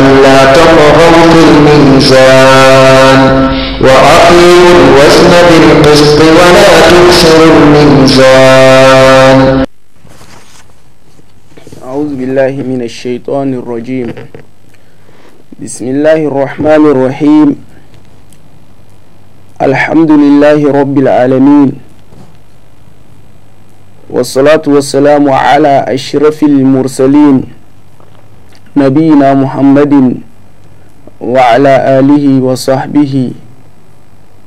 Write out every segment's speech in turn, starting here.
ألا تطغوا في الميزان وأقيموا الوزن بالقسط ولا تكسروا الميزان أعوذ بالله من الشيطان الرجيم بسم الله الرحمن الرحيم الحمد لله رب العالمين والصلاة والسلام على أشرف المرسلين نبينا محمد وعلى آله وصحبه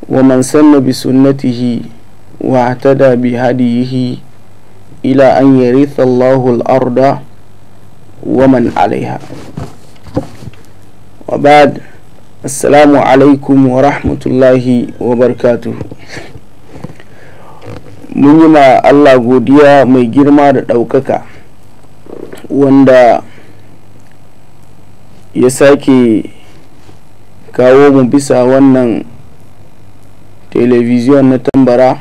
ومن سن بسنته واعتدى بهديه إلى أن يرث الله الأرض ومن عليها وبعد السلام عليكم ورحمة الله وبركاته mun yi ma Allah godiya mai girma da ɗaukaka wanda ya sake kawo mu bisa wannan telebijiyon na tambara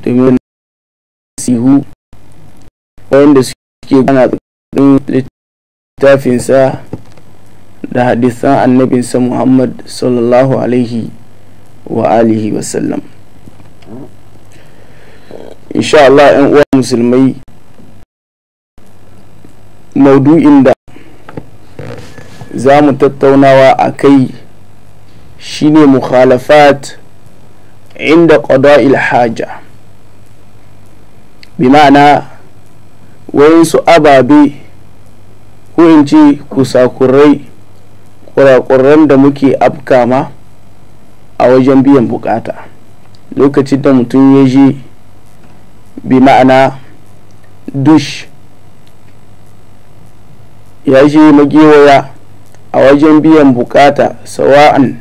domin sihu wanda suke gana tsakanin littafinsa da hadisan annabinsa muhammad sallallahu alaihi wa alihi wasallam insha Allah 'yan uwa musulmai maudu'in da za mu tattaunawa a kai shi shine mukhalafat inda qada'il ilhaja bi ma'ana su ababe ko in ce kusakurai kurakuran da muke afkama a wajen biyan bukata lokacin da mutum ya je bi ma'ana dush ya je magewaya a wajen biyan bukata sawa'an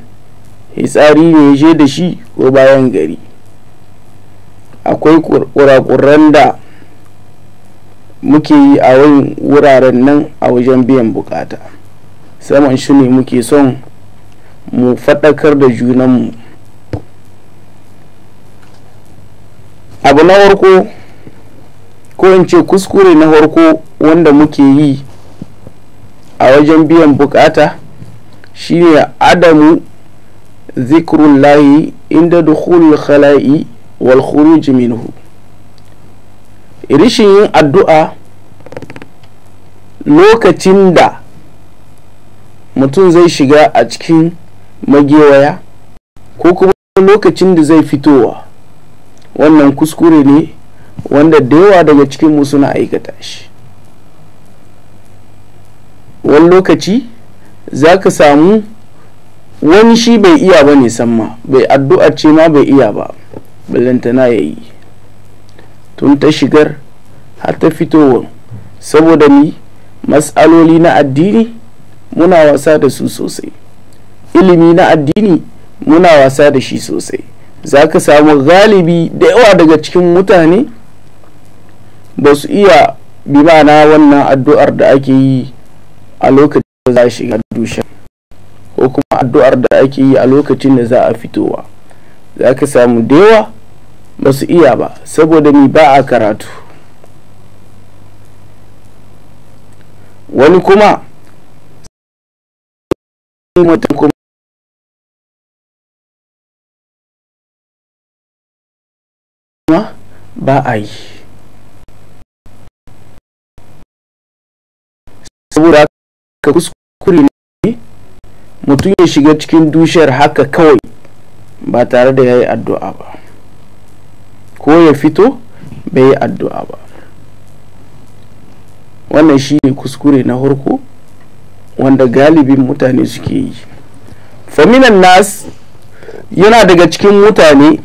hitsari ne je da shi ko bayan gari akwai kurakuran da muke yi a wuraren nan a wajen biyan bukata saman shi ne muke son mu faɗakar da junanmu abu na farko ko in ce kuskure na farko wanda muke yi a wajen biyan bukata shine adamu zikrullahi inda dukhulul khala'i wal khuruj minhu rishin yin addu'a lokacin da mutum zai shiga a cikin magewaya ko kuma lokacin da zai fitowa wannan kuskure ne wanda da yawa daga cikinmu suna aikata shi wani lokaci za ka samu wani shi bai iya ba ne samma bai addu'ar ce ma bai iya ba ballantana ya yi tun ta shigar har ta fitowar saboda ni matsaloli na addini muna wasa da su sosai ilimi na addini muna wasa da shi sosai za ka samu galibi da yawa daga cikin mutane ba su iya bi ma'ana wannan addu'ar da ake yi a lokacin da za a shiga dusha ko kuma addu'ar da ake yi a lokacin da za a fitowa za ka samu dewa ba su iya ba saboda ni ba a karatu wani kuma kuma ba a yi saboda ka kuskure ne mutum ya shiga cikin dushiyar haka kawai ba tare da ya yi addu'a ba ko ya fito bai yi addu'a ba wannan shi ne kuskure na harko wanda galibin mutane suke yi faminan nas yana daga cikin mutane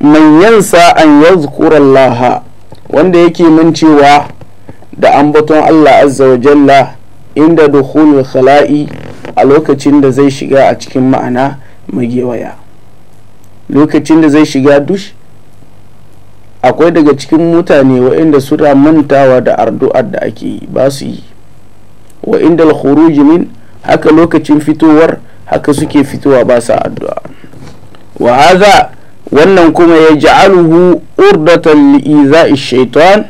mai yansa an yazkurallaha wanda yake mancewa da ambaton allah azza wa jalla inda dukhulul khala'i a lokacin da zai shiga a cikin ma'ana magewaya lokacin da zai shiga dush akwai daga cikin mutane wa'inda suna mantawa da ardu'ar da ake yi ba su yi wa inda min haka lokacin fitowar haka suke fitowa ba sa addu'a wa haza wannan kuma ya ja'aluhu urdatan li'iza'i shaitan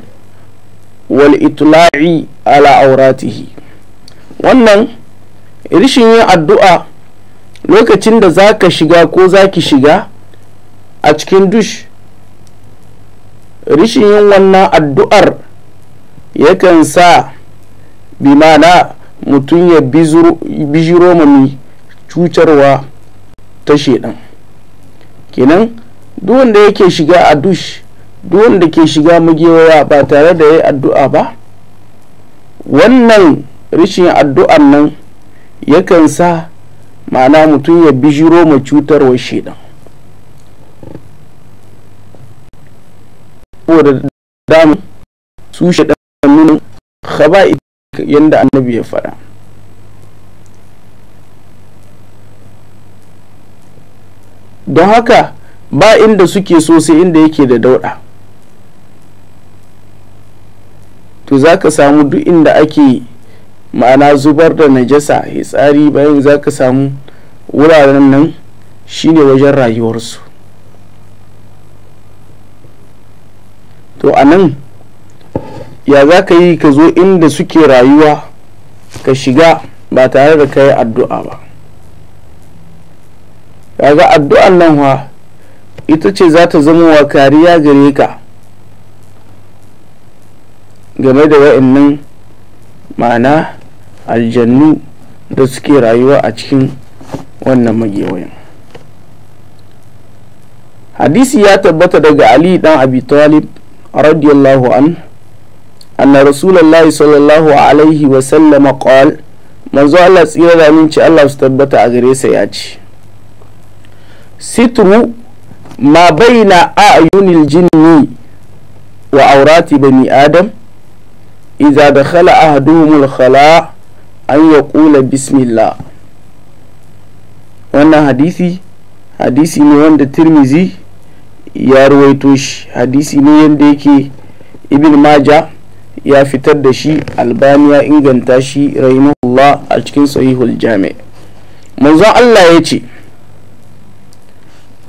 wal itla'i ala auratihi wannan rishin yin addu'a lokacin da za ka shiga ko za ki shiga a cikin dush rishin yin wannan addu'ar yakan sa bimana mutum ya bijiro mai cutarwa ta shedan kenan duwanda wanda yake shiga a dush duwanda ke shiga mugewa ba tare da ya yi addu'a ba wannan rishin addu'an nan yakan sa ma'ana mutum ya bijiro ma cutarwar shaidan da damu su shaidan nunan khaba'i yadda annabi ya faɗa don haka ba inda suke so sai inda yake da dauɗa to za ka samu duk inda ake yi. ma'ana zubar da najasa hitsari bayan za ka samu wuraren nan shine wajen rayuwarsu to a nan ya za ka yi ka zo inda suke rayuwa ka shiga ba tare da kai addu'a ba ga addu'an nan wa ita ce za ta zama wa kariya gare ka game da nan ma'ana aljannu da suke rayuwa a cikin wannan magewayin hadisi ya tabbata daga ali dan abi talib radiyallahu an anna rasulullahi sallallahu alaihi wa sallam qal manzo Allah tsira da minci Allah su tabbata a gare sa ya ce sitru ma baina ayunil jinni wa aurati bani adam idza dakhala ahaduhumul khala' an ya kula bismillah wannan hadisi hadisi ne wanda tirmizi ya ruwaito shi hadisi ne yadda yake ibn maja ya fitar da shi albani inganta shi rahimahullah a cikin sahihul jami manzon allah ya ce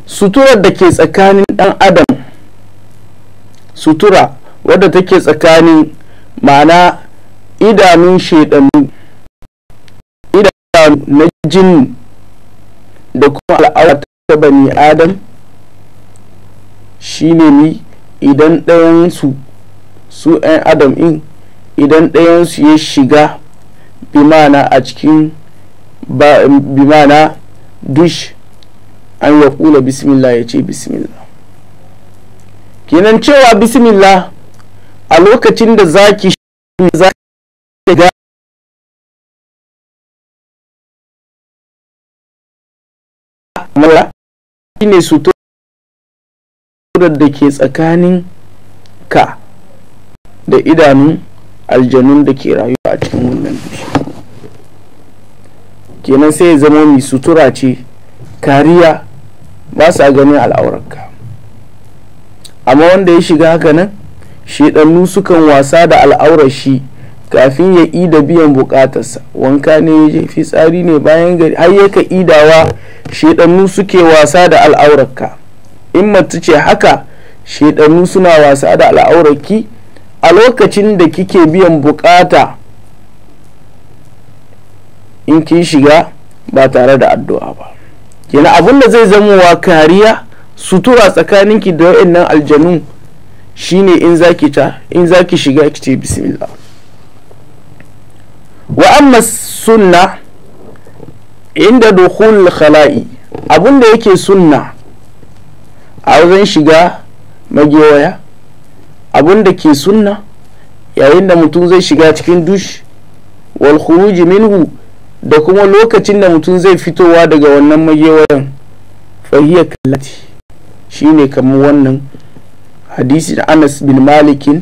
suturar da ke tsakanin dan adam sutura wadda take tsakanin ma'ana idanun shaidanu na jin da kuma al'aura ta bani adam shine ni idan ɗayansu su 'yan adam in idan ɗayansu ya shiga bimana a cikin bimana dush an ya kula bismillah ya ce bismillah kenan cewa bismillah a lokacin da zaki zaki mura shine suturar da ke tsakanin ka da idanun aljanun da ke rayuwa a cikin wannan dushe kenan sai ya zama mai sutura ce kariya ba sa ganin al'aurarka amma wanda ya shiga haka nan shidannu sukan wasa da al'aurar shi kafin ya ida biyan buƙatarsa wanka ne ya je tsari ne bayan gari har yaka idawa shaidannu suke wasa da al'aurarka in mace ce haka shaidannu suna wasa da al'aurarki a lokacin da kike biyan bukata in kin shiga ba tare da addu'a ba kina abin da zai zama wa kariya sutura tsakaninki da wa'annan aljanu shine in zaki ta in zaki shiga ki ce bismillah wa amma sunna inda dukhul khala'i abinda yake sunna a wajen shiga magewaya abinda ke sunna yayin da mutum zai shiga cikin dush wal khuruji minhu da kuma lokacin da mutum zai fitowa daga wannan magewayan fahiyar kallati shine kamar wannan hadisi da anas bin malikin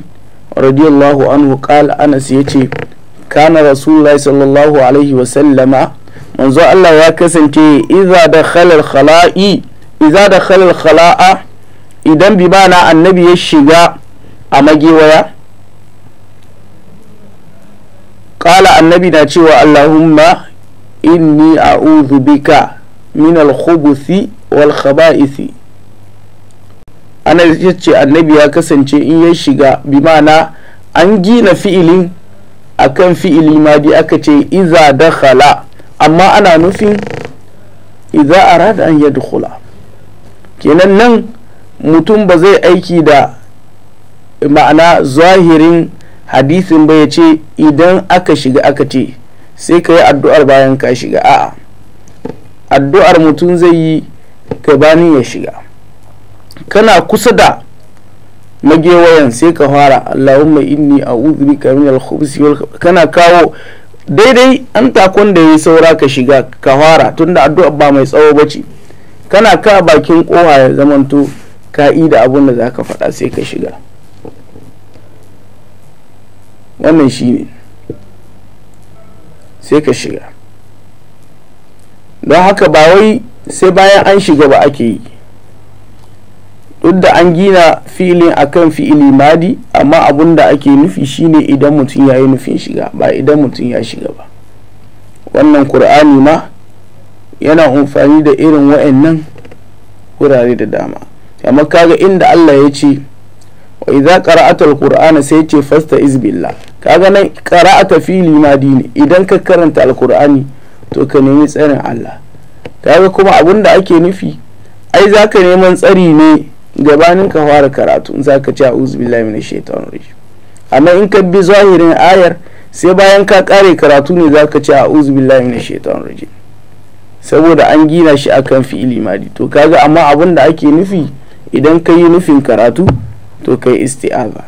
radiyallahu anhu kala anas ya ce kana rasulullahi sallallahu alaihi wasallama manzo Allah ya kasance iza da khalal khala'i iza da khalal khala'a idan bi bana annabi ya shiga a magewaya qala annabi na cewa Allahumma inni a'udhu bika min al-khubuthi wal khaba'isi ana ce annabi ya kasance in ya shiga bi ma'ana an gina fi'ilin akan fi'ili ma bi aka ce iza khala. amma ana nufin idza arada an yadkhula kenan nan mutum ba zai aiki da ma'ana zahirin hadisin ba ya ce idan aka shiga aka ce sai ka yi addu'ar bayan ka shiga a'a addu'ar mutum zai yi ka gabanin ya shiga kana kusa da magewayan sai ka fara allahumma inni a'udhu bika min al kana kawo daidai an takon da ya saura ka shiga ka fara tunda addu'a ba mai tsawo bace kana ka bakin kowa ya zamanto ka da abun da zaka faɗa sai ka shiga wannan shi sai ka shiga don haka ba wai sai bayan an shiga ba ake yi duk da an gina filin akan fi'ili madi amma abun da ake nufi shine idan mutum ya yi nufin shiga ba idan mutum ya shiga ba wannan kur'ani ma yana amfani da irin wa'annan wurare da dama kamar kaga inda Allah ya ce wa idza qara'ata alqur'ana sai ce fasta izbillah kaga nan qara'ata fili madi ne idan ka karanta alqur'ani to ka nemi tsarin Allah kaga kuma abun da ake nufi ai zaka neman tsari ne gabanin ka fara karatu zaka zaka ci a'udhu billahi minash shaitanir rajim amma in ka bi zahirin ayar sai bayan ka kare karatu ne zaka ci a'udhu billahi minash shaitanir rajim saboda an gina shi akan fi'ili madi to kaga amma abin da ake nufi idan ka nufin karatu to kai isti'aza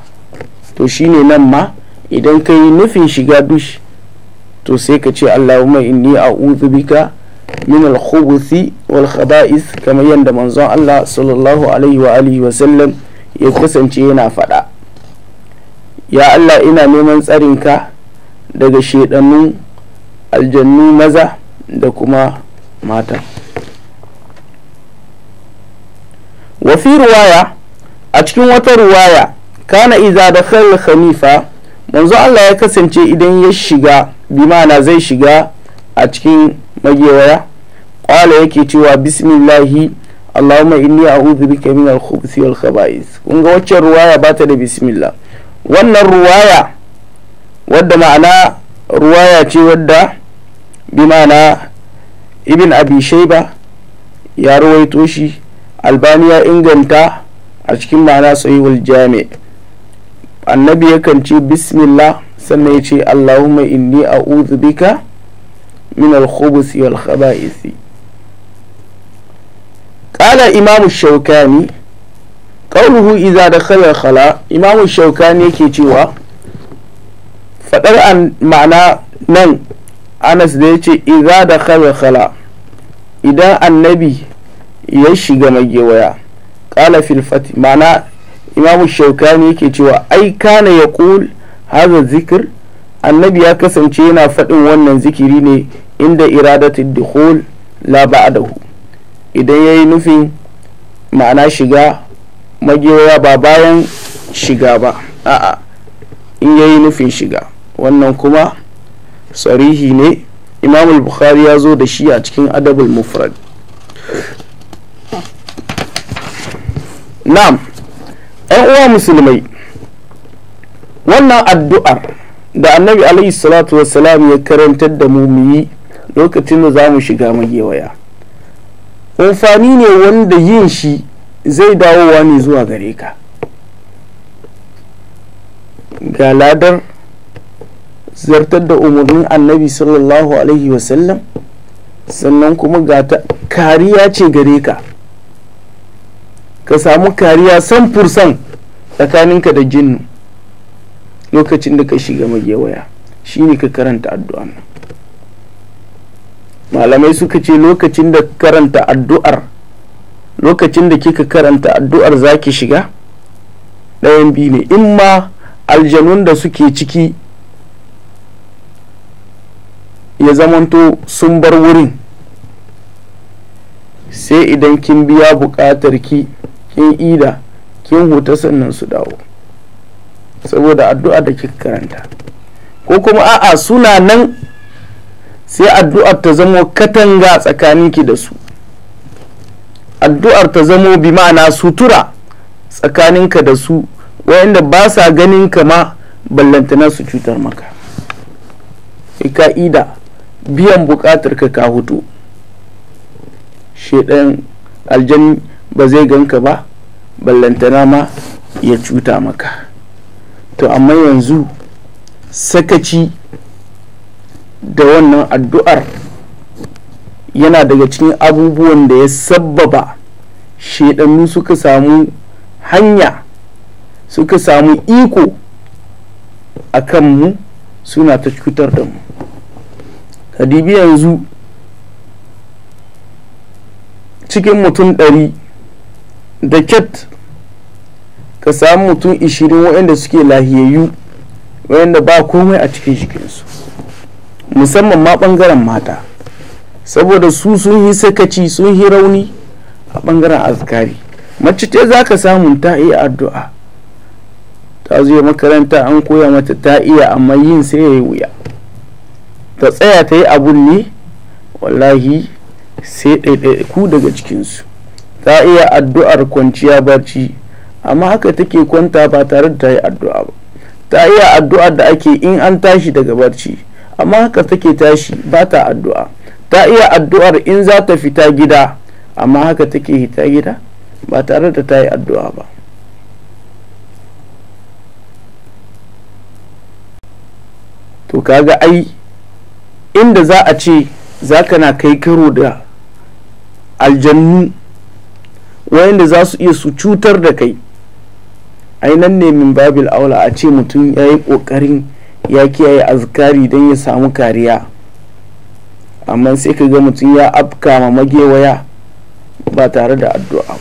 to shine nan ma idan ka nufin shiga dushi to sai ka ce allahumma inni a'udhu bika min al-khubuthi wal khaba'is kamar yadda manzon Allah sallallahu ya kasance yana faɗa ya Allah ina neman tsarinka daga shaidannu aljannu maza da kuma mata wafi ruwaya a cikin wata ruwaya kana iza da khalifa manzo Allah ya kasance idan ya shiga bimana zai shiga a cikin magewaya ƙwala yake cewa bismillahi allahumma inni a'udhu bika min al-khubuthi wal khaba'is kun ga waccan ruwaya ba ta da bismillah wannan ruwaya wadda ma'ana ruwaya ce wadda bi ma'ana ibn abi shayba ya ruwaito shi albani ya inganta a cikin ma'ana sahihul jami annabi yakan ce bismillah sannan ya ce allahumma inni a'udhu bika min al-khubus wal khaba'is qala imam shaukani qawluhu idza dakhala al-khala shaukani yake cewa fadar an ma'ana nan Anas da yace idza dakhala al-khala idan annabi ya shiga magewaya qala fil fath ma'ana imam shaukani yake cewa ai kana yaqul hadha zikr annabi ya kasance yana faɗin wannan zikiri ne inda iradatin dukhul la ba'dahu idan yayi nufin ma'ana shiga magewa ba bayan shiga ba a'a in yayi nufin shiga wannan kuma tsarihi ne imam bukhari ya zo da shi a cikin adabul mufrad na'am ɗan uwa musulmai wannan addu'ar da annabi alaihi salatu wasalam ya karantar da mu yi lokacin da za mu shiga magewaya amfani ne wanda yin shi zai dawowa ne zuwa gare ka ga ladar zartar da umarnin annabi sallallahu alaihi wasallam sannan kuma ga kariya ce gare ka ka samu kariya san fursan tsakaninka da jinnu lokacin da ka shiga magewaya ne ka karanta addu'an nan malamai suka ce lokacin da karanta addu'ar lokacin da kika karanta addu'ar za ki shiga ɗayan biyu ne in ma aljanun da suke ciki ya zamanto sun bar wurin sai idan kin biya buƙatar ki kin ida kin huta sannan su dawo saboda addu'a da kika karanta ko kuma a'a suna nan sai addu'ar ta zamo katanga tsakaninki da su addu'ar ta zamo bi ma'ana sutura tsakaninka da su wa'inda ba sa ganin kama ballantana su cutar maka ka'ida biyan bukatar ka ka hudu shedan aljan ba zai ganka ba ballantana ma ya cuta maka to amma yanzu sakaci da wannan addu'ar yana daga cikin abubuwan da ya sabbaba shaidannu suka samu hanya suka samu iko a kanmu suna ta cutar da mu kadibi yanzu cikin mutum ɗari da ket ka samu mutum ishirin waɗanda suke lahiyayyu waɗanda ba komai a cikin jikinsu musamman ma bangaren mata saboda su sun yi sakaci sun yi rauni a bangaren azkari mace ce za ka samu ta iya addu'a ta zuwa makaranta an koya mata ta iya amma yin sai ya yi wuya ta tsaya ta yi abun ne wallahi sai ɗaiɗaiku daga cikinsu ta iya addu'ar kwanciya barci amma haka take kwanta ba tare da ta yi addu'a ba ta iya addu'ar da ake in an tashi daga barci amma haka take tashi ba ta addu'a ta iya addu'ar in za ta fita gida amma haka take hita gida ba tare da ta yi addu'a ba to kaga ai inda za a ce za ka na kai karo da aljannu wayanda za su iya su cutar da kai ainan nemin ne min babil aula a ce mutum ya yi ƙoƙarin ya kiyaye azkari don ya samu kariya amma sai ka ga mutum ya afka ma magewaya ba tare da addu'a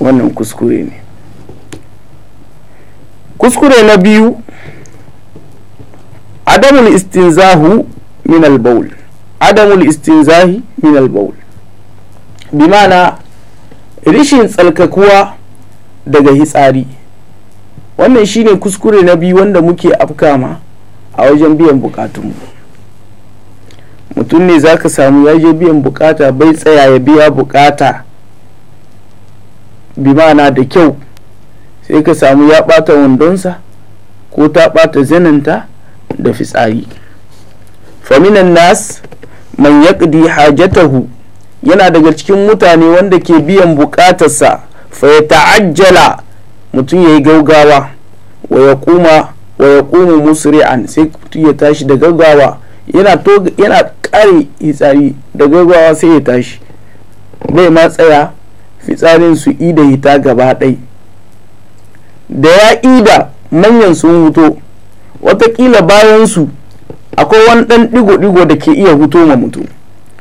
wannan kuskure ne kuskure na biyu adamul istinzahu min al-bawl adamul istinzahi min al-bawl bi rishin tsalkakuwa daga hitsari wannan shine kuskure na biyu wanda muke afkama a wajen biyan bukatunmu mutum ne za ka samu ya je biyan bukata bai tsaya ya biya bukata bimana da kyau sai ka samu ya bata wandonsa ko ta bata zaninta da fitsari faminan nas man yaqdi hajatahu yana daga cikin mutane wanda ke biyan bukatarsa fa ya ta'ajjala mutum ya yi gaugawa wa ya kuma wa ya kuma musri'an sai mutum ya tashi da gaugawa yana to yana kare da gaugawa sai ya tashi bai ma tsaya fitsarin su ida hita gaba ɗai da ya ida manyan sun huto watakila bayan su akwai wani ɗan ɗigo-ɗigo da ke iya huto ma mutum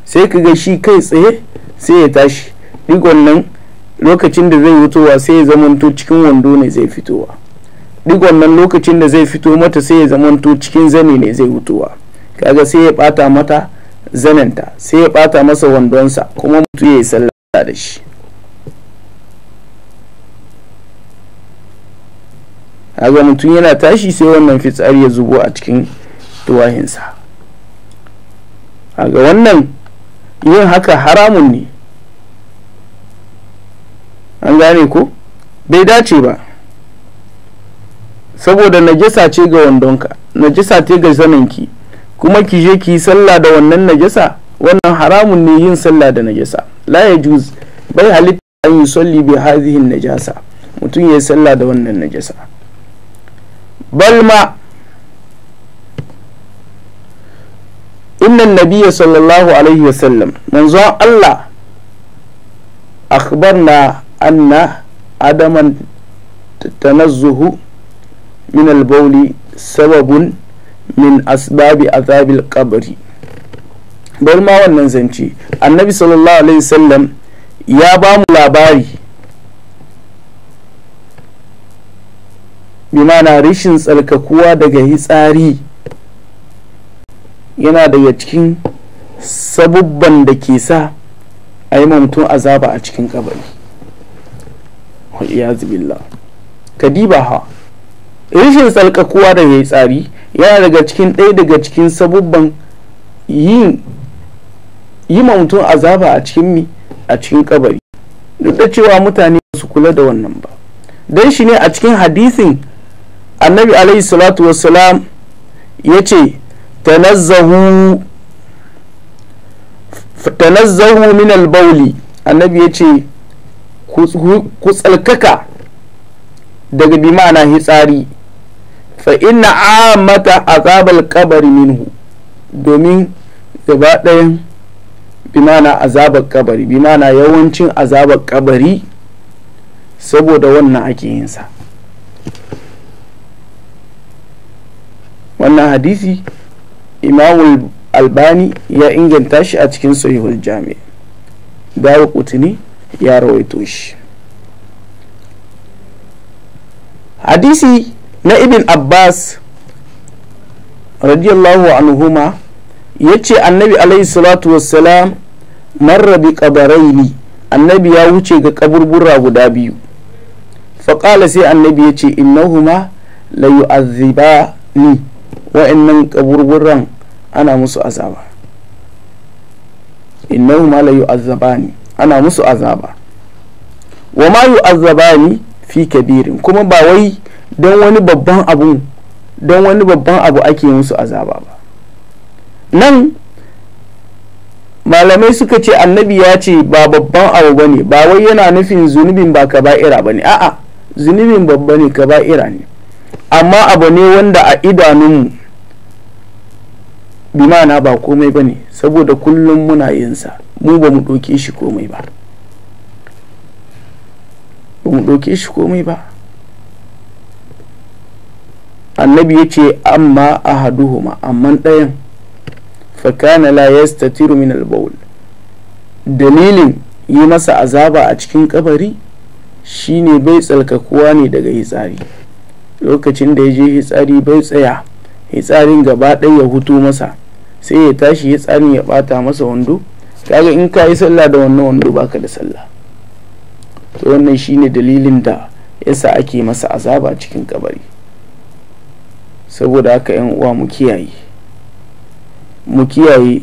sai ka ga shi kai tsaye sai ya tashi ɗigon nan lokacin da zai fitowa sai ya zamanto cikin wando ne zai fitowa duk wannan lokacin da zai fito mata sai ya zamanto cikin zane ne zai fitowa kaga sai ya bata mata zanenta sai ya bata masa wandonsa kuma mutu ya yi sallah da shi kaga mutum yana tashi sai wannan fitsari ya zubo a cikin tuwahinsa kaga wannan yin haka haramun ne an gane ko bai dace ba saboda najasa ce ga wandonka najasa ce ga zamanki kuma ki je ki yi sallah da wannan najasa wannan haramun ne yin sallah da najasa la ya juz bai halitta an yi salli bi hazihin najasa mutum ya yi sallah da wannan najasa balma innan nabiya sallallahu alaihi wasallam manzon allah akhbarna أن عدم التنزه من البول سبب min asbabi azabil kabari bar ma wannan zance annabi sallallahu alaihi wasallam ya ba mu labari bimana rishin tsarkakuwa daga hitsari yana daga cikin sabubban da ke sa a yi mutum azaba a cikin kabari wa'iyazubillah ka diba ha rashin tsalkakuwa da yayi tsari yana daga cikin ɗaya daga cikin sabubban yin yi ma mutum azaba a cikin mi a cikin kabari duk da cewa mutane su kula da wannan ba dan shi ne a cikin hadisin annabi alaihi salatu wassalam ya ce tanazzahu tanazzahu min albauli annabi ya ce ku tsalkaka daga bi ma'ana hitsari fa inna amata azabar kabari minhu domin gaba ɗayan bi ma'ana azabar kabari bi ma'ana yawancin azabar kabari saboda wannan ake yinsa wannan hadisi imamul albani ya inganta shi a cikin sahihul jami'a dawo kutuni ya rawaito shi hadisi na ibn abbas radiyallahu anhuma ya ce annabi alaihi salatu wassalam marra bi ƙabaraini annabi ya wuce ga kaburbura guda biyu faƙala sai annabi ya ce innahuma la yu'azziba ni wa'annan kaburburan ana musu azaba innahuma la yu'azzabani ana musu azaba wa ma yu'azzabani fi kabirin kuma ba wai don wani babban abu don wani babban abu ake musu azaba ba nan malamai suka ce annabi ya ce ba babban abu ba ne ba wai yana nufin zunubin ba ba'ira ba ne a'a zunubin babba ne ba'ira ne amma abu ne wanda a idanunmu bimana ba komai ba ne saboda kullum muna yinsa mu ba mu ɗauke shi komai ba ba mu ɗauke shi komai ba annabi ya ce amma ahaduhuma amman ɗayan fakana la yastatiru min al dalilin yi masa azaba a cikin kabari shine bai tsalkakuwa ne daga hitsari lokacin da ya je hitsari bai tsaya hitsarin gaba ɗaya ya hutu masa sai ya tashi ya tsani ya bata masa wando kaga in ka yi sallah da wannan wando baka da sallah to wannan shine dalilin da yasa ake masa azaba cikin kabari saboda haka yan uwa mu kiyaye mu kiyaye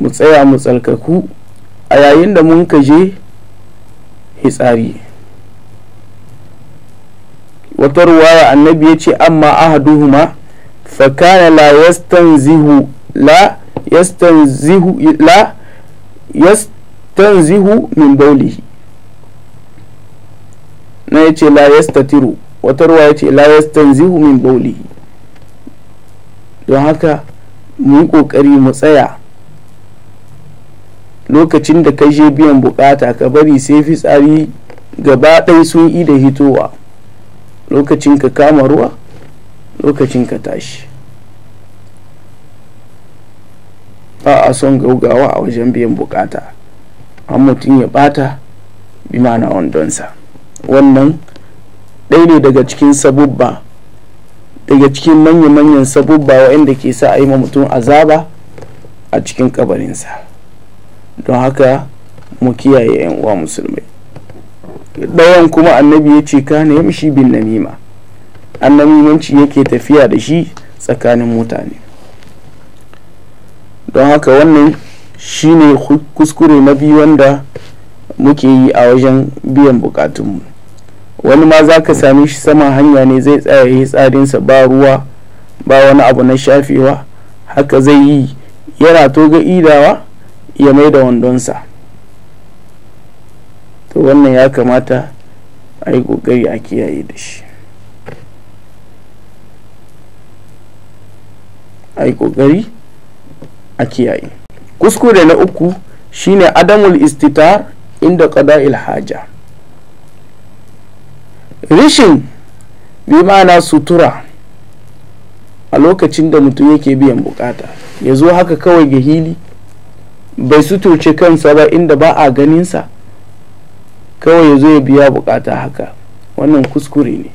mu tsaya mu tsalkaku a yayin da mun ka je hitsari wata ruwaya annabi ya ce amma ahaduhuma فكان la يستنزه لا يستنزه لا يستنزه min بوله na يتي لا يستتر وتروى wata ruwa يستنزه من بوله yastanzihu min baulihi don haka mu yi kokari mu tsaya lokacin da ka je biyan bukata ka bari sai fitsari gaba ɗaya sun yi da hitowa lokacin ka kama ruwa lokacin ka tashi ba a son gaugawa a wajen biyan bukata an mutum ya bata bi mana wandonsa wannan ɗaya ne daga cikin sabubba daga cikin manya-manyan sabubba waɗanda ke sa a yi mutum azaba a cikin kabarinsa don haka mu kiyaye 'yan uwa musulmai ɗayan kuma annabi ya ce ka ne mishi bin namima annamimanci yake tafiya da shi tsakanin mutane don haka wannan shi ne kuskure na biyu wanda muke yi a wajen biyan bukatunmu wani ma za ka same shi saman hanya ne zai tsaya ya tsarinsa ba ruwa ba wani abu na shafewa haka zai yi yana toga idawa ya mai da wandonsa to wannan ya kamata a yi ƙoƙari a kiyaye da shi a yi ƙoƙari a kiyaye kuskure na uku shine adamul istitar inda ƙada'il haja rishin bi ma'ana sutura a lokacin da mutum yake biyan bukata ya zo haka kawai ga hili bai suturce kansa ba inda ba a ganinsa kawai ya zo ya biya bukata haka wannan kuskure ne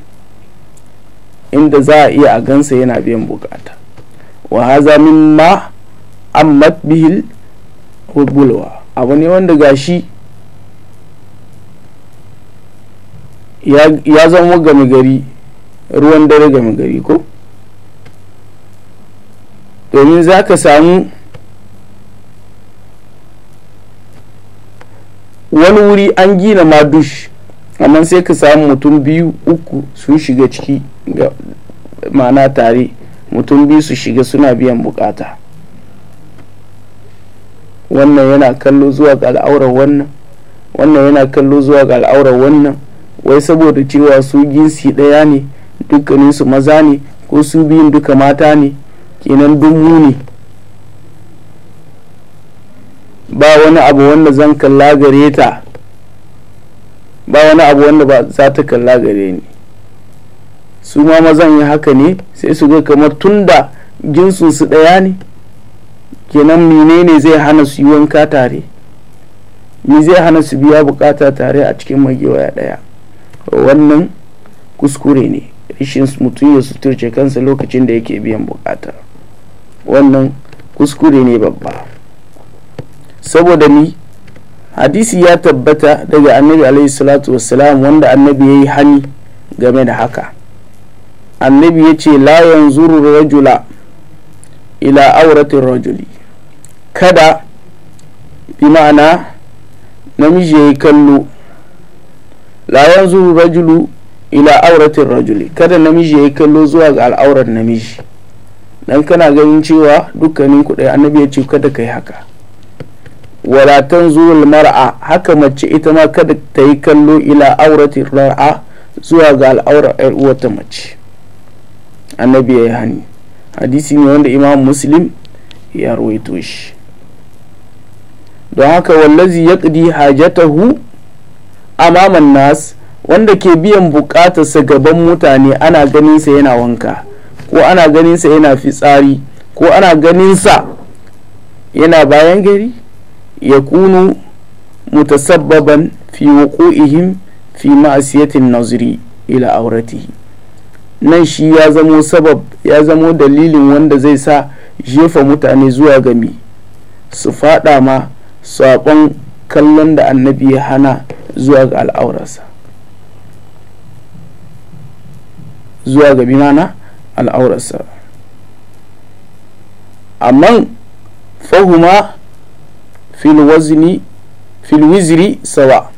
inda za a iya a gansa yana biyan bukata wa haza mimma ammat bihil bulwa abu ne wanda gashi ya zama gami gari ruwan dare gami gari ko domin za ka samu wani wuri an gina ma dush amma sai ka samu mutum biyu uku sun shiga ciki ga ma'ana tare mutum biyu su shiga suna biyan bukata wannan yana kallo zuwa ga al'aurar wannan wannan yana kallo zuwa ga al'aurar wannan wai saboda cewa su jinsi ɗaya ne dukkaninsu maza ne ko su biyun duka mata ne kenan dummu ne ba wani abu wanda zan kalla gare ta ba wani abu wanda ba za ta kalla gare ni su ma mazan yi haka ne sai su ga kamar tunda jinsu su ɗaya ne kenan menene zai hana su yi wanka tare me zai hana su biya bukata tare a cikin magewaya ɗaya wannan kuskure ne rishin mutum ya suturce kansa lokacin da yake biyan bukata wannan kuskure ne babba saboda ni hadisi ya tabbata daga annabi alaihi salatu wanda annabi ya yi hani game da haka annabi ya ce la zurur rajula ila auratin rajuli kada bi ma'ana namiji ya yi kallo zurur rajulu ila auratin rajuli kada namiji ya yi kallo zuwa ga al'aurar namiji dan kana ganin cewa dukkanin kuɗai annabi ya ce kada ka yi haka walatan zuwal mar'a haka mace ita ma kada ta yi kallo ila auratin mar'a zuwa ga al'aurar uwata mace annabi ya yi hani hadisi ne wanda imam muslim ya ruwaito shi don haka wallazi ya ƙidi hajatahu amaman nas wanda ke biyan buƙatarsa gaban mutane ana ganinsa yana wanka ko ana ganinsa yana fitsari ko ana ganinsa yana bayan gari ya kunu mutasabbaban fi wuqu'ihim fi ma'asiyatin naziri ila auratihi nan shi ya zamo sabab ya zamo dalilin wanda zai sa jefa mutane zuwa gami su fada ma sabon kallon da annabi ya hana zuwa ga al'aurarsa zuwa ga mana al'aurarsa amma fahuma filwiziri sawa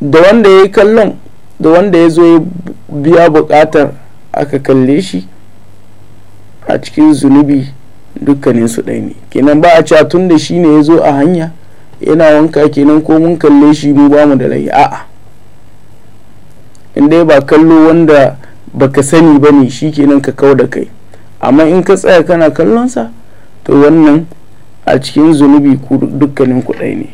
da wanda ya yi kallon da wanda ya zo ya biya bukatar aka kalle shi a cikin zunubi dukkanin su ɗaya ne kenan ba a cewa tun da shi ne ya zo a hanya yana wanka kenan ko mun kalle shi mu ba mu da rai a'a in dai ba kallo wanda baka sani ba ne shi kenan ka kau da kai amma in ka tsaya kana kallonsa to wannan a cikin zunubi dukkanin kuɗai ne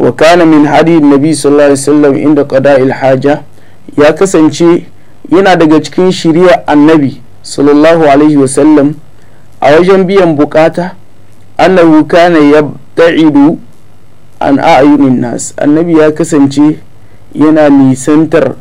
وكان من هدي النبي صلى الله عليه وسلم عند قضاء الحاجة daga cikin shari'a annabi sallallahu alaihi wasallam a wajen biyan bukata annahu kana yabta'idu an a'yunin nas annabi ya kasance yana nisantar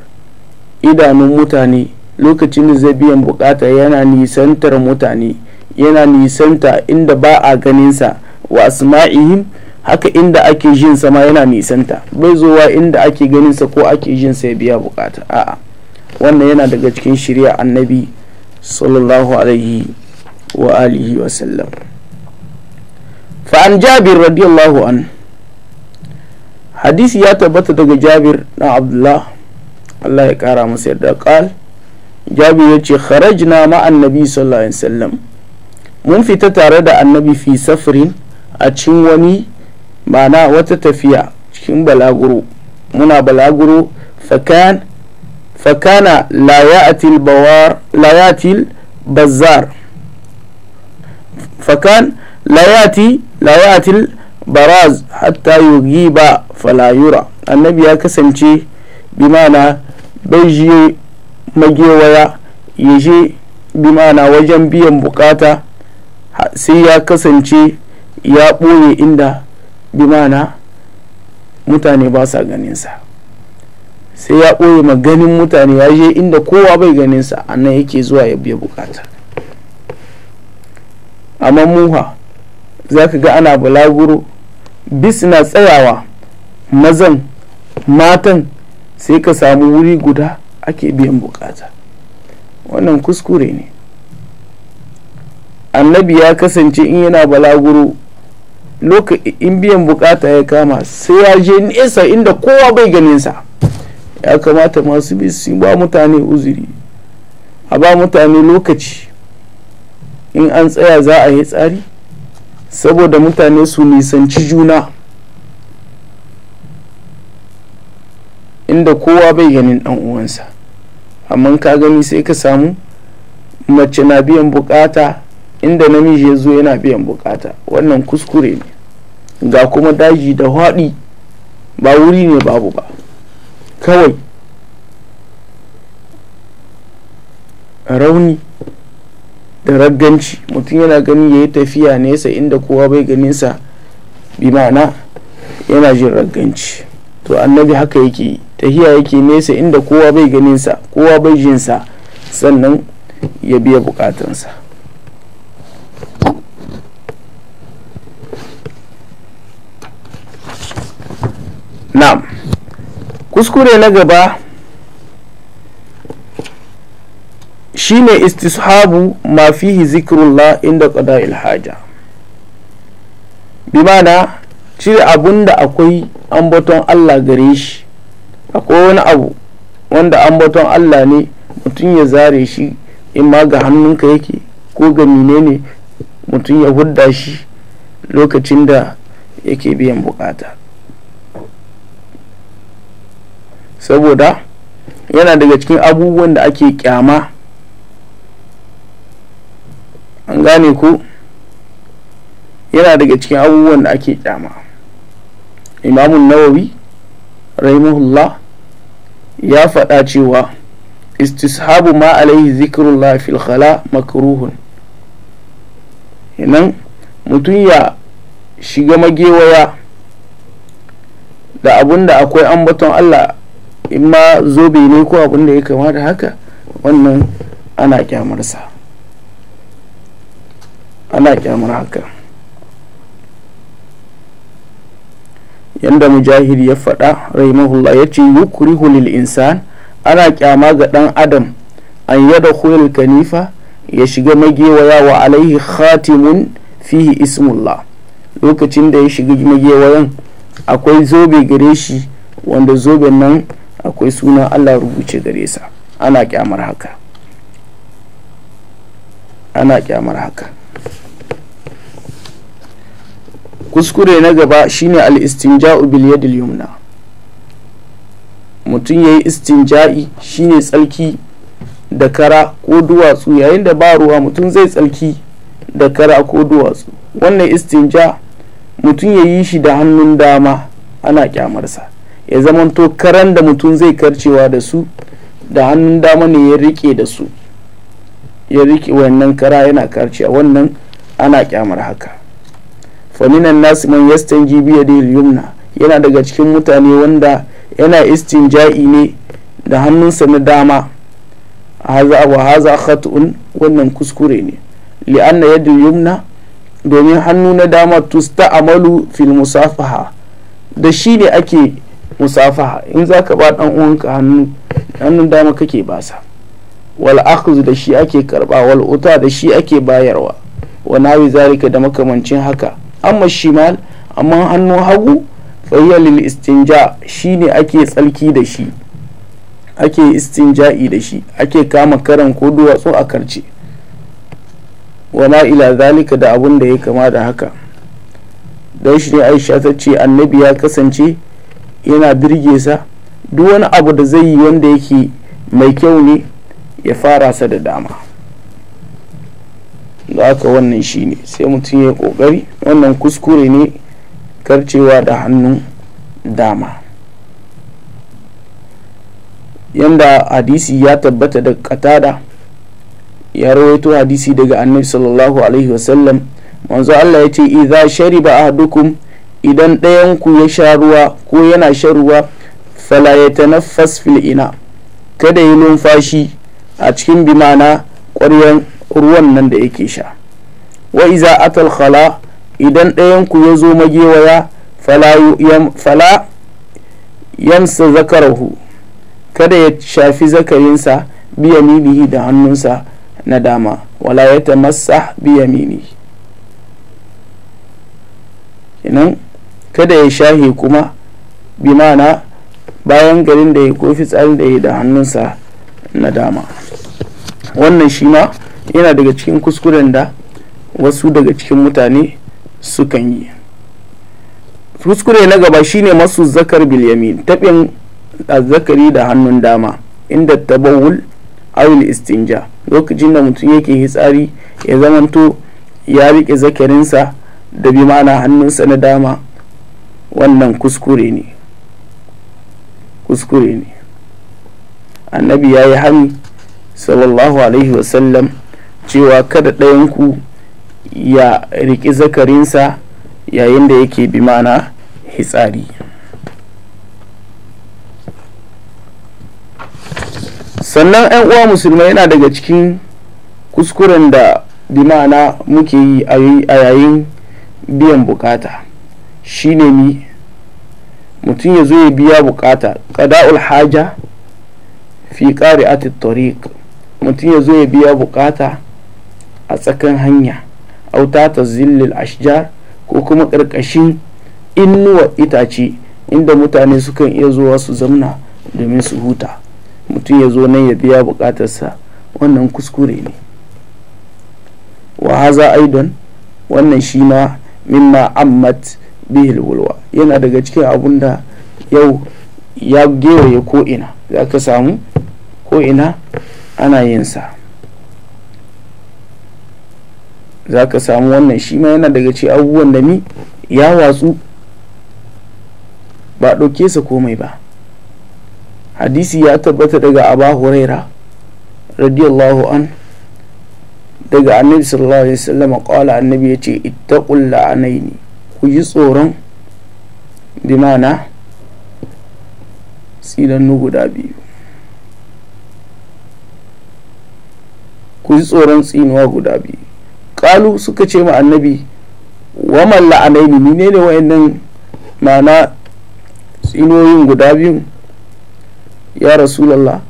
idanun mutane lokacin da zai biyan bukata yana nisantar mutane yana nisanta inda ba a ganinsa wa asma'ihim haka inda ake jin sa ma yana nisanta bai zowa inda ake ganin sa ko ake jin sa ya biya bukata a'a wannan yana daga cikin shirya annabi sallallahu alaihi wa alihi wa sallam fa an jabir radiyallahu an hadisi ya tabbata daga jabir na abdullah Allah ya kara masa yadda qal jabir yace na ma annabi sallallahu alaihi sallam mun fita tare da annabi fi safarin a cikin wani ma'ana wata tafiya cikin balaguro muna balaguro fakan fakana layatil bawar layatil bazar fakan layati layatil baraz hatta yugi ba falayura annabi ya kasance bimana bai je magewaya ya je bimana wajen biyan bukata sai ya kasance ya ɓoye inda bi na mutane ba sa ganinsa sai ya ɓoye ma ganin mutane ya je inda kowa bai ganinsa annan yake zuwa ya biya bukata amma muha za ka ga ana balaguro bis na tsayawa mazan matan sai ka samu wuri guda ake biyan bukata wannan kuskure ne annabi ya kasance in yana balaguro in biyan bukata ya kama sai ya je nesa inda kowa bai ganinsa ya kamata masu bi su ba mutane uzuri a ba mutane lokaci in an tsaya za a yi tsari saboda mutane su nisanci juna inda kowa bai ganin dan uwansa amma ka gani sai ka samu mace na biyan bukata inda namiji ya zo yana biyan bukata wannan kuskure ne ga kuma daji da haɗi ba wuri ne babu ba kawai rauni da ragganci mutum yana gani ya yi tafiya nesa inda kowa bai ganin sa bi ma'ana yana jin ragganci to annabi haka yake yi tahiya yake nesa inda kowa bai ganin sa kowa bai jin sa sannan ya biya bukatansa na'am kuskure na gaba shine istishabu ma fihi zikrullah inda qada'il ilhaja bi mana cire abunda akwai ambaton Allah gare shi akwai wani abu wanda ambaton Allah ne mutum ya zare shi in ma ga hannunka yake ko ga menene mutum ya hudda shi lokacin da yake biyan bukata saboda yana daga cikin abubuwan da ake kyama an gane ko yana daga cikin abubuwan da ake kyama imamun nawawi rahimahullah ya faɗa cewa istishabu ma alaihi zikrullah fil khala makruhun nan mutum ya shiga magewaya da abun da akwai ambaton Allah in ma zobe ne ko abin da ya kama da haka wannan ana kyamarsa ana kyamar haka yadda mujahid ya faɗa rahimahullah ya ce yukrihu lil insan ana kyama ga ɗan adam an yada huyar kanifa ya shiga magewaya wa alaihi khatimun fihi ismullah lokacin da ya shiga magewayan akwai zobe gare shi wanda zobe nan akwai suna Allah rubuce gare sa ana kyamar haka ana kyamar haka kuskure na gaba shine al-istinja'u bil yadil yumna mutum yayi istinja'i shine tsalki da kara ko duwatsu yayin da ba ruwa mutum zai tsalki da kara ko duwatsu wannan istinja mutum ya yi shi da hannun dama ana kyamarsa ya zamanto karan da mutum zai karcewa da su da hannun dama ne ya rike da su ya rike wannan kara yana karcewa wannan ana kyamar haka faminan nasu man yastan jibiya da yumna yana daga cikin mutane wanda yana istin ja’i ne da hannunsa na dama haza wa haza khatu'un wannan kuskure ne li'anna yadda yumna domin hannu na dama tusta amalu fil musafaha da shi ne ake musafaha in za ka ba ɗan uwanka hannu hannun dama kake basa wal akhdhu da shi ake karba wal uta da shi ake bayarwa wa nawi zalika da makamancin haka amma shimal amma hannu hagu fayyar lil istinja shine ake tsalki da shi ake istinja'i da shi ake kama karan ko duwatsu a karce wama ila zalika da abun da ya kama da haka don shi ne aisha ta ce annabi ya kasance yana birge sa duk wani abu da zai yi wanda yake mai kyau ne ya fara sa da dama da aka wannan shi ne sai mutum ya kokari wannan kuskure ne karcewa da hannun dama yanda hadisi ya tabbata da katada ya rawaito hadisi daga annabi sallallahu alaihi wasallam manzo Allah ya ce idza shariba ahadukum idan ɗayanku ya sha ruwa ko yana shan ruwa fala na tanaffas ina kada yi numfashi a cikin bimana ƙwaryan ruwan nan da yake sha wa iza atal khala idan ɗayanku ya zo magewaya fala yamsa zakarahu kada ya shafi zakarinsa biyaminihi da hannunsa na dama wala ya tamassa biyaminihi kenan kada ya shahi kuma bi mana bayan garin da ya ko fitsarin da ya da hannunsa na dama wannan shi ma yana daga cikin kuskuren da wasu daga cikin mutane sukan yi kuskure na gaba shine masu zakar bilyamin taɓin zakari da hannun dama inda tabawul awil istinja lokacin da mutum yake hitsari ya zamanto ya riƙe zakarinsa da bi ma'ana hannunsa na dama wannan kuskure ne kuskure ne annabi ya yi hami sallallahu alaihi wasallam cewa kada ɗayanku ya riƙi zakarinsa yayin da yake bi mana hitsari sannan 'yan uwa musulmai yana daga cikin kuskuren da bi mana muke yi a yayin biyan bukata shine mi mutum ya zo ya biya bukata qada'ul haja fi qari'ati tariq mutum ya zo ya biya bukata a tsakan hanya auta ta zillil ashjar ko kuma karkashin inuwa itace inda mutane sukan iya zuwa su zamna domin su huta mutum ya zo nan ya biya bukatarsa wannan kuskure ne wa haza aidan wannan shi ma mimma ammat bihil wulwa yana daga cikin abun da yau ya gewaye ko'ina za ka samu ko'ina ana yinsa za ka samu wannan shi ma yana daga cikin abubuwan da ni ya watsu ba ɗauke sa komai ba hadisi ya tabbata daga abu huraira radiyallahu an daga annabi sallallahu alaihi wasallam qala annabi yace ittaqul la'anaini ku yi tsoron dimana guda biyu ku yi tsoron tsinuwa guda biyu kalu suka ce ma annabi wa la'anaini ni ne ne wa'annan mana tsinoyin guda biyu ya rasulallah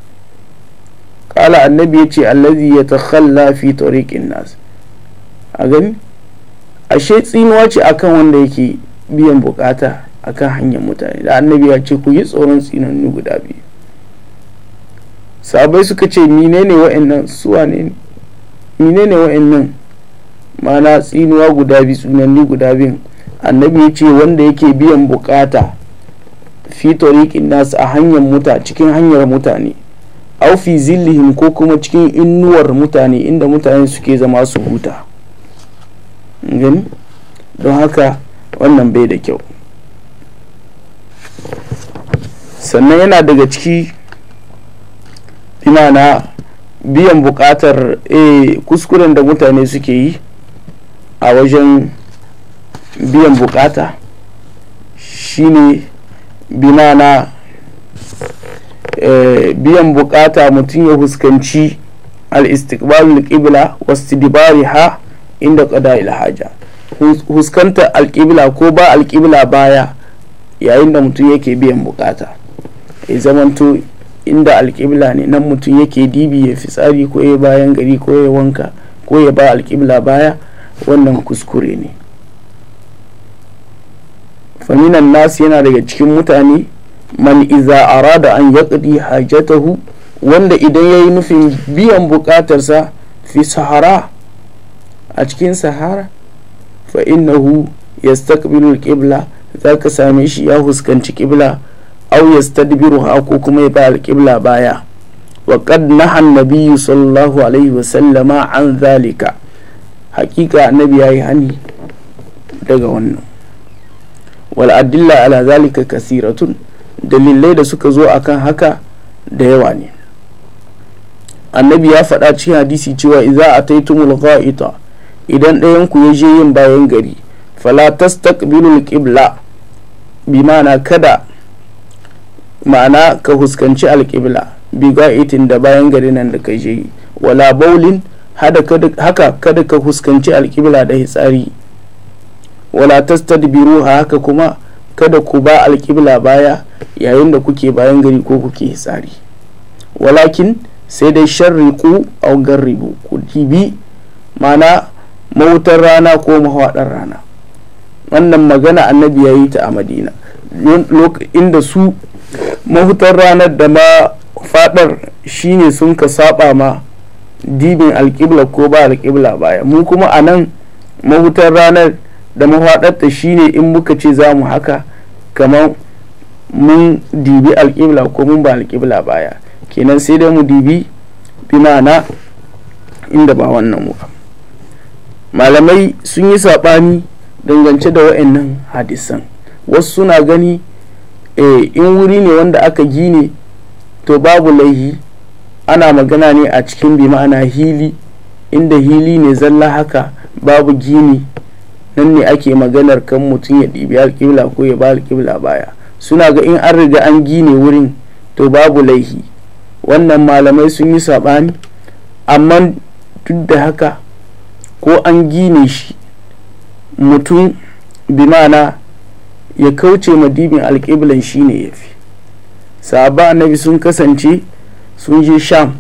kala annabi ya ce allazi ya takhalla fi tariqin nas a gani ashe tsinuwa ce akan wanda yake biyan bukata akan hanyar mutane da annabi ya ce ku yi tsoron tsinannu guda biyu sabai suka ce mine wa'annan suwa ne menene wa'annan mana tsinuwa guda biyu tsinannu guda biyu annabi ya ce wanda yake biyan bukata fi tariqin nasu a hanyar muta cikin hanyar mutane au fi ko kuma cikin inuwar mutane inda mutane suke zama su huta gani don haka wannan bai da kyau sannan yana daga ciki imana biyan bukatar e eh, kuskuren da mutane suke yi a wajen biyan bukata shine bimana eh, biyan bukata mutum ya fuskanci al-istiqbalul qibla wasu ha. inda kada ilhaja huskanta alkibla ko ba alkibla baya yayin da mutum yake biyan bukata ya zamanto inda alkibla ne nan mutum yake dibi ya tsari ko ya bayan gari ko ya wanka ko ya ba alkibla baya wannan kuskure ne faminan nasu yana daga cikin mutane man iza arada an yaƙi hajatahu wanda idan ya yi nufin biyan bukatarsa fi sahara a cikin sahara fa innahu yastaqbilu al-qibla zaka same shi ya huskanci qibla aw yastadbiruha ko kuma ya ba al baya wa qad naha an-nabiyyu sallallahu alaihi wa sallama an zalika hakika annabi yayi hani daga wannan wal adilla ala zalika kasiratun dalilai da suka zo a kan haka da yawa ne annabi ya faɗa cikin hadisi cewa idza ataitumul gha'ita idan ɗayan ku ya je yin bayan gari fala tastaqbilul qibla bi ma'ana kada ma'ana ka huskanci alƙibla bi ga'itin da bayan gari nan da ka je wala baulin haka kada ka huskanci alƙibla da hitsari wala tastadbiruha haka kuma kada ku ba alƙibla baya yayin da kuke bayan gari ko kuke hitsari walakin sai dai sharriku au garribu ku dibi ma'ana. mawutar rana ko mahaɗar rana wannan magana annabi ya yi ta a madina inda su mahutar ranar da ma shine sun ka saba ma dibin alƙibla ko ba alƙibla baya mu kuma a nan mahutar ranar da shi shine in muka ce za mu haka kamar mun dibi alƙibla ko mun ba alƙibla baya kenan sai dai mu dibi bi ma'ana inda ba wannan mu malamai sun yi saɓani dangance da wa'annan hadisan wasu suna gani eh, in wuri ne wanda aka gine to babu laihi ana magana ne a cikin bi ma'ana hili inda hili ne zalla haka babu gini nan ne ake maganar kan mutum ya ɗibi alƙibla ko ya ba alƙibla baya suna ga in an riga an gine wurin to babu laihi wannan malamai sun yi saɓani amma duk da haka ko an gine shi mutum bimana ya kauce madibin alƙiblan shi ne ya fi sahaba annabi sun kasance sun je sham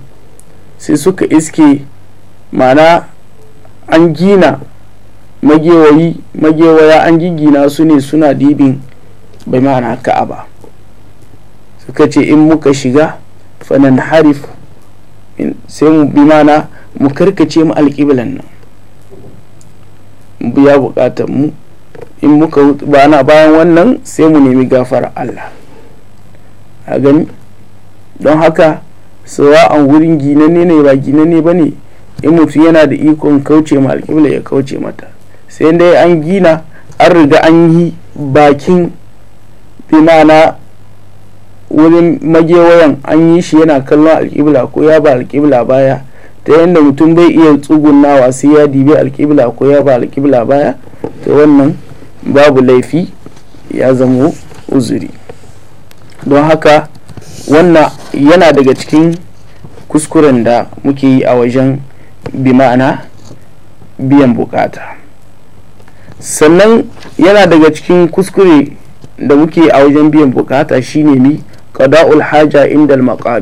sai suka iske mana an gina magewayi magewaya an gigina su ne suna dibin bai ma'ana ka'aba suka ce in muka shiga fanan harif sai mu bi mana mu karkace mu alƙiblan nan ya bukatar mu in muka bana bayan wannan sai mu nemi gafara Allah a gani don haka sawa'an wurin ginanne ne ba ginanne ba ne in mutum yana da ikon kauce ma alƙibla ya kauce mata sai dai an gina an riga an yi bakin na wurin magewayan an yi shi yana kallon alƙibla ko ya ba alƙibla baya ta yadda mutum bai iya tsugunawa sai ya dibi alkibla ko ya ba alkibla baya ta wannan babu laifi ya zamo uzuri don haka wannan yana daga cikin kuskuren da muke yi a wajen bi ma'ana biyan bukata sannan yana daga cikin kuskure da muke a wajen biyan bukata shine mi qada'ul haja inda al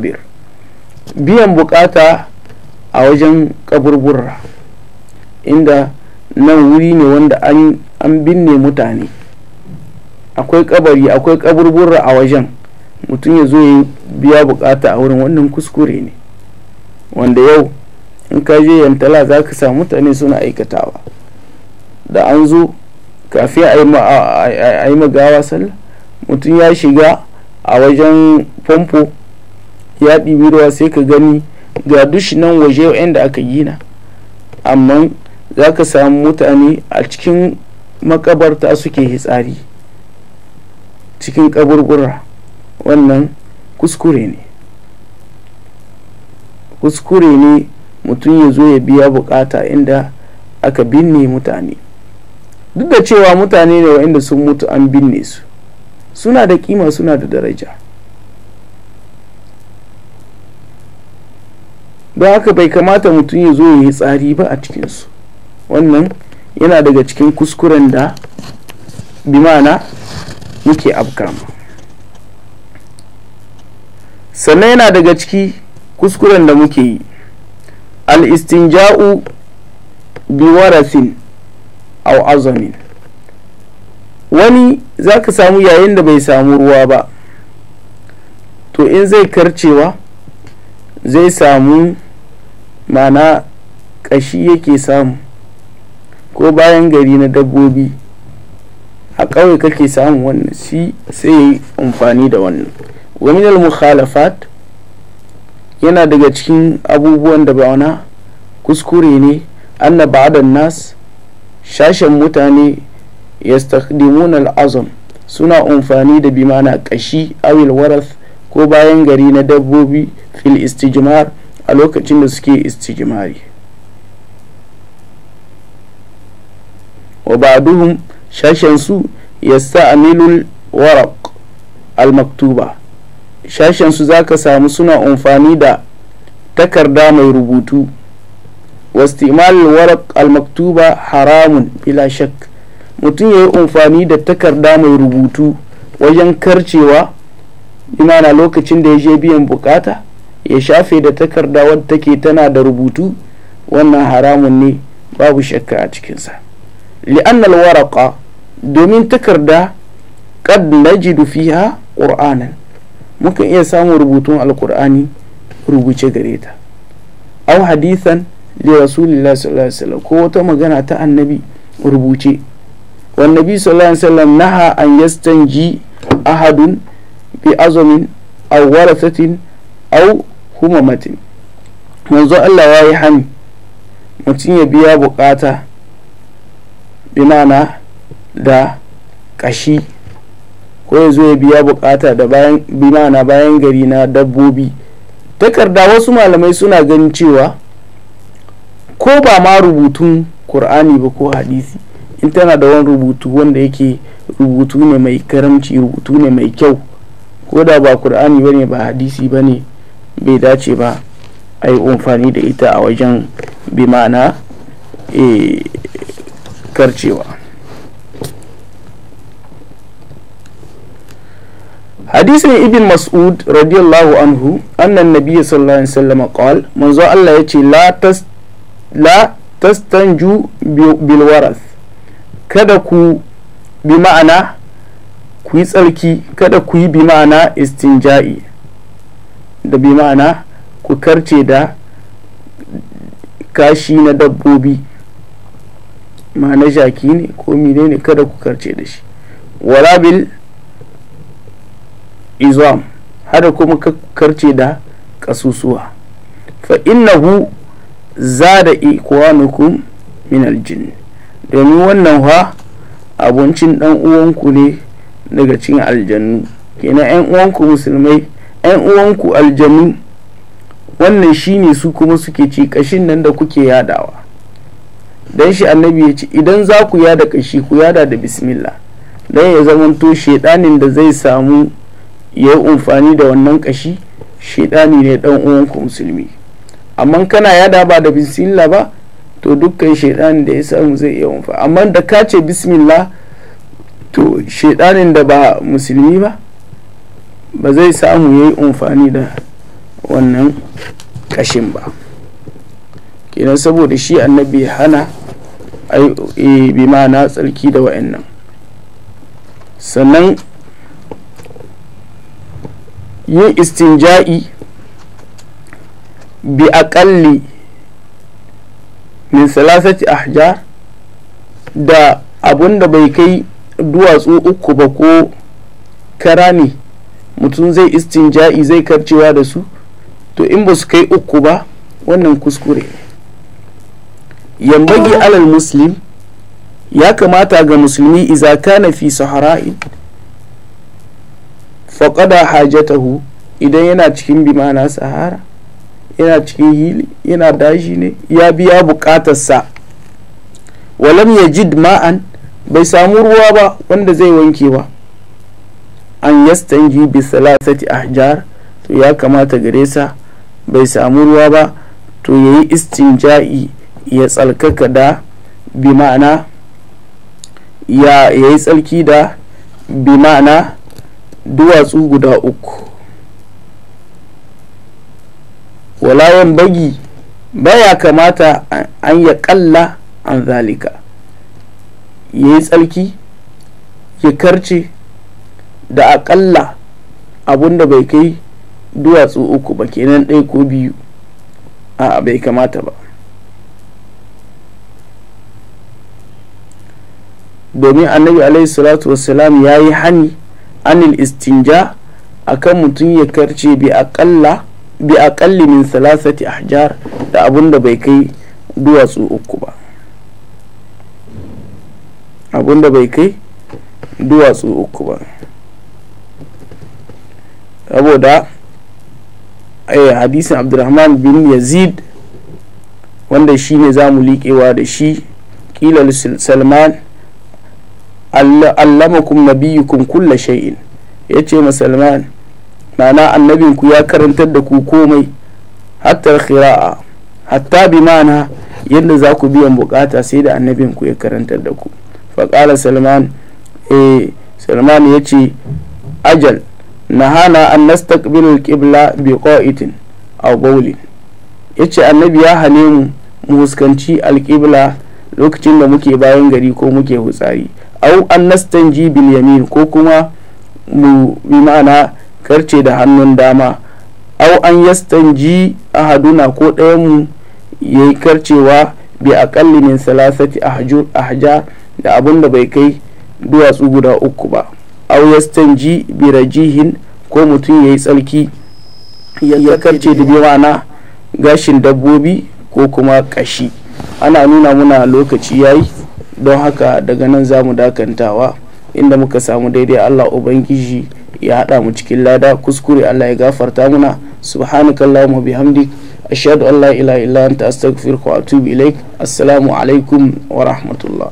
biyan bukata a wajen kaburbura inda nan wuri ne wanda an binne mutane akwai kabari akwai kaburbura a wajen mutum ya zo ya biya bukata a wurin wannan kuskure ne wanda yau in ka je yantala za ka samu mutane suna aikatawa da an zo kafin a yi magawa sallah mutum ya shiga a wajen famfo ya ɗibi sai ka gani ga dushi nan waje inda aka gina amma za ka samu mutane a cikin makabarta suke hitsari cikin kaburbura wannan kuskure ne kuskure ne mutum ya zo ya biya bukata inda aka binne mutane duk da cewa mutane ne wa inda sun mutu an binne su suna da kima suna da daraja don haka bai kamata mutum ya zo ya yi tsari ba a cikinsu wannan yana daga cikin kuskuren da bimana muke abkama sannan yana daga ciki kuskuren da muke yi al-istinja'u biwarasin warathin wani za ka samu yayin da bai samu ruwa ba to in zai karcewa zai samu ma'ana kashi yake samu ko bayan gari na dabbobi a ƙauye kake samun wannan shi sai yi amfani da wannan waminal mukhalafat yana daga cikin abubuwan da ba kuskure ne anna ba'dan nas shashen mutane yastakdimun al'azam suna amfani da bimana kashi awil warath ko bayan gari na dabbobi fil istijmar a lokacin da suke istijimari wa duhun shashensu yasta'milul waraq al-maktuba shashensu zaka samu suna amfani da takarda mai rubutu wastimal warak al-maktuba haramun bila shak mutum ya yi amfani da takarda mai rubutu wajen karcewa imana lokacin da ya je biyan bukata ya shafe da takarda wadda take tana da rubutu wannan haramun ne babu shakka a cikinsa li'annal waraka domin takarda ji najidu fiha qur'anan muka iya samun rubutun alqur'ani rubuce gare ta aw hadithan li rasulillahi sallallahu alaihi wasallam ko wata magana ta annabi rubuce wan sallallahu alaihi wasallam naha an yastanji ahadun bi azumin aw warathatin aw Kuma humamatin yanzu Allah ya yi hani mutum ya biya bukata binana da kashi ko ya zo ya biya bukata da binana bayan gari na dabbobi takarda wasu malamai suna ganin cewa ko ba ma rubutun kur'ani ba ko hadisi in tana da wani rubutu wanda yake rubutu ne mai karamci rubutu ne mai kyau ko da ba kur'ani ba ne ba hadisi ba ne bai dace ba a yi amfani da ita a wajen bimana ma'ana e, karcewa hadisin ibn mas'ud radiyallahu anhu annan nabiya sallallahu alaihi wasallam qal manzo Allah ya la tas la tastanju bil bilwaras kada ku bi ma'ana ku yi tsarki kada ku yi bi ma'ana istinja'i da bi ma'ana ku karce da kashi na dabbobi ma'ana jaki ne ko mine ne kada ku karce da shi warabil izam hada kuma karce da kasusuwa fa innahu zada ikwanukum min aljin domin wannan ha abincin dan uwanku ne daga cin aljannu kenan yan uwanku musulmai 'yan uwanku aljanu wannan shine su kuma suke ci kashin nan da kuke yadawa don shi annabi ya ce idan za ku yada kashi ku yada da bismillah don ya zamanto shaidanin da zai samu ya yi umfani da wannan kashi shaidani ne dan uwanku musulmi amma kana yada ba da bismillah ba to dukkan shedanin da ya samu zai iya umfani amma da ka ce bismillah to shaidanin da ba musulmi ba ba zai samu ya yi amfani da wannan kashin ba kenan saboda shi annabi hana eh, bi ma'ana tsarki da wa'annan sannan yin istinja'i bi akalli min salasati ahjar da abun da bai kai duwatsu uku ba ko kara ne mutum zai istinja'i zai karcewa da su to in ba su kai uku ba wannan kuskure yambagi alal muslim ya kamata ga musulmi iza kana fi sahara'i faƙada hajatahu idan yana cikin bimana sahara yana cikin hili yana dashi ne ya biya buƙatarsa walam ya jid ma'an bai samu ruwa ba wanda zai wanke ba an yastanji bi salasati ahjar to ya kamata gare sa bai samu ruwa ba to yayi istinja'i ya tsalkaka da bi ma'ana ya yayi tsarki da bi ma'ana duwatsu guda uku walayan bagi baya kamata an ya kalla an zalika ya yi tsarki ya karce da akalla abun da bai kai duwatsu uku ba kenan ɗaya ko biyu a bai kamata ba domin annabi alaihi salatu wasalam ya yi hani anil istinja akan mutum ya karce bi akalla min salasati ahjar da abun da bai kai duwatsu uku ba abun da bai kai duwatsu uku ba saboda eh, hadisin abdurrahman bin yazid wanda shi ne za mu liƙewa da shi ƙilal salman allamakum nabiyukum kulla shay'in ya ce musulman mana annabinku ya karantar da ku komai hatta khira'a hatta bi mana yadda za ku biyan bukata sai da annabinku ya karantar da ku faƙala salman eh salman ya ce ajal nahana an al qibla bi qa'itin aw bawlin yace annabi ya hane mu mu huskanci qibla lokacin da muke bayan gari ko muke hutsari au an nastanji bil yamin ko kuma mu bi ma'ana karce da hannun dama au an yastanji ahaduna ko ɗayan mu yayi karcewa bi aƙalli min salasati ahja da abun da bai kai duwatsu guda uku ba auyastan ji birajihin ko mutum ya yi tsarki ya karce da biwana gashin dabbobi ko kuma kashi ana nuna muna lokaci yayi don haka daga nan za mu dakantawa inda muka samu daidai Allah ubangiji ya hada mu cikin lada kuskure Allah ya gafarta muna subhanakallahumma bihamdik ashhadu ashadu allah ila ila anta astaghfiruka wa atubu ilaik assalamu alaikum wa rahmatullah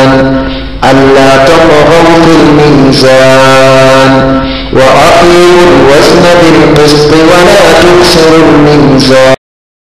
ألا تطغوا في الميزان وأقيموا الوزن بالقسط ولا تكسروا الميزان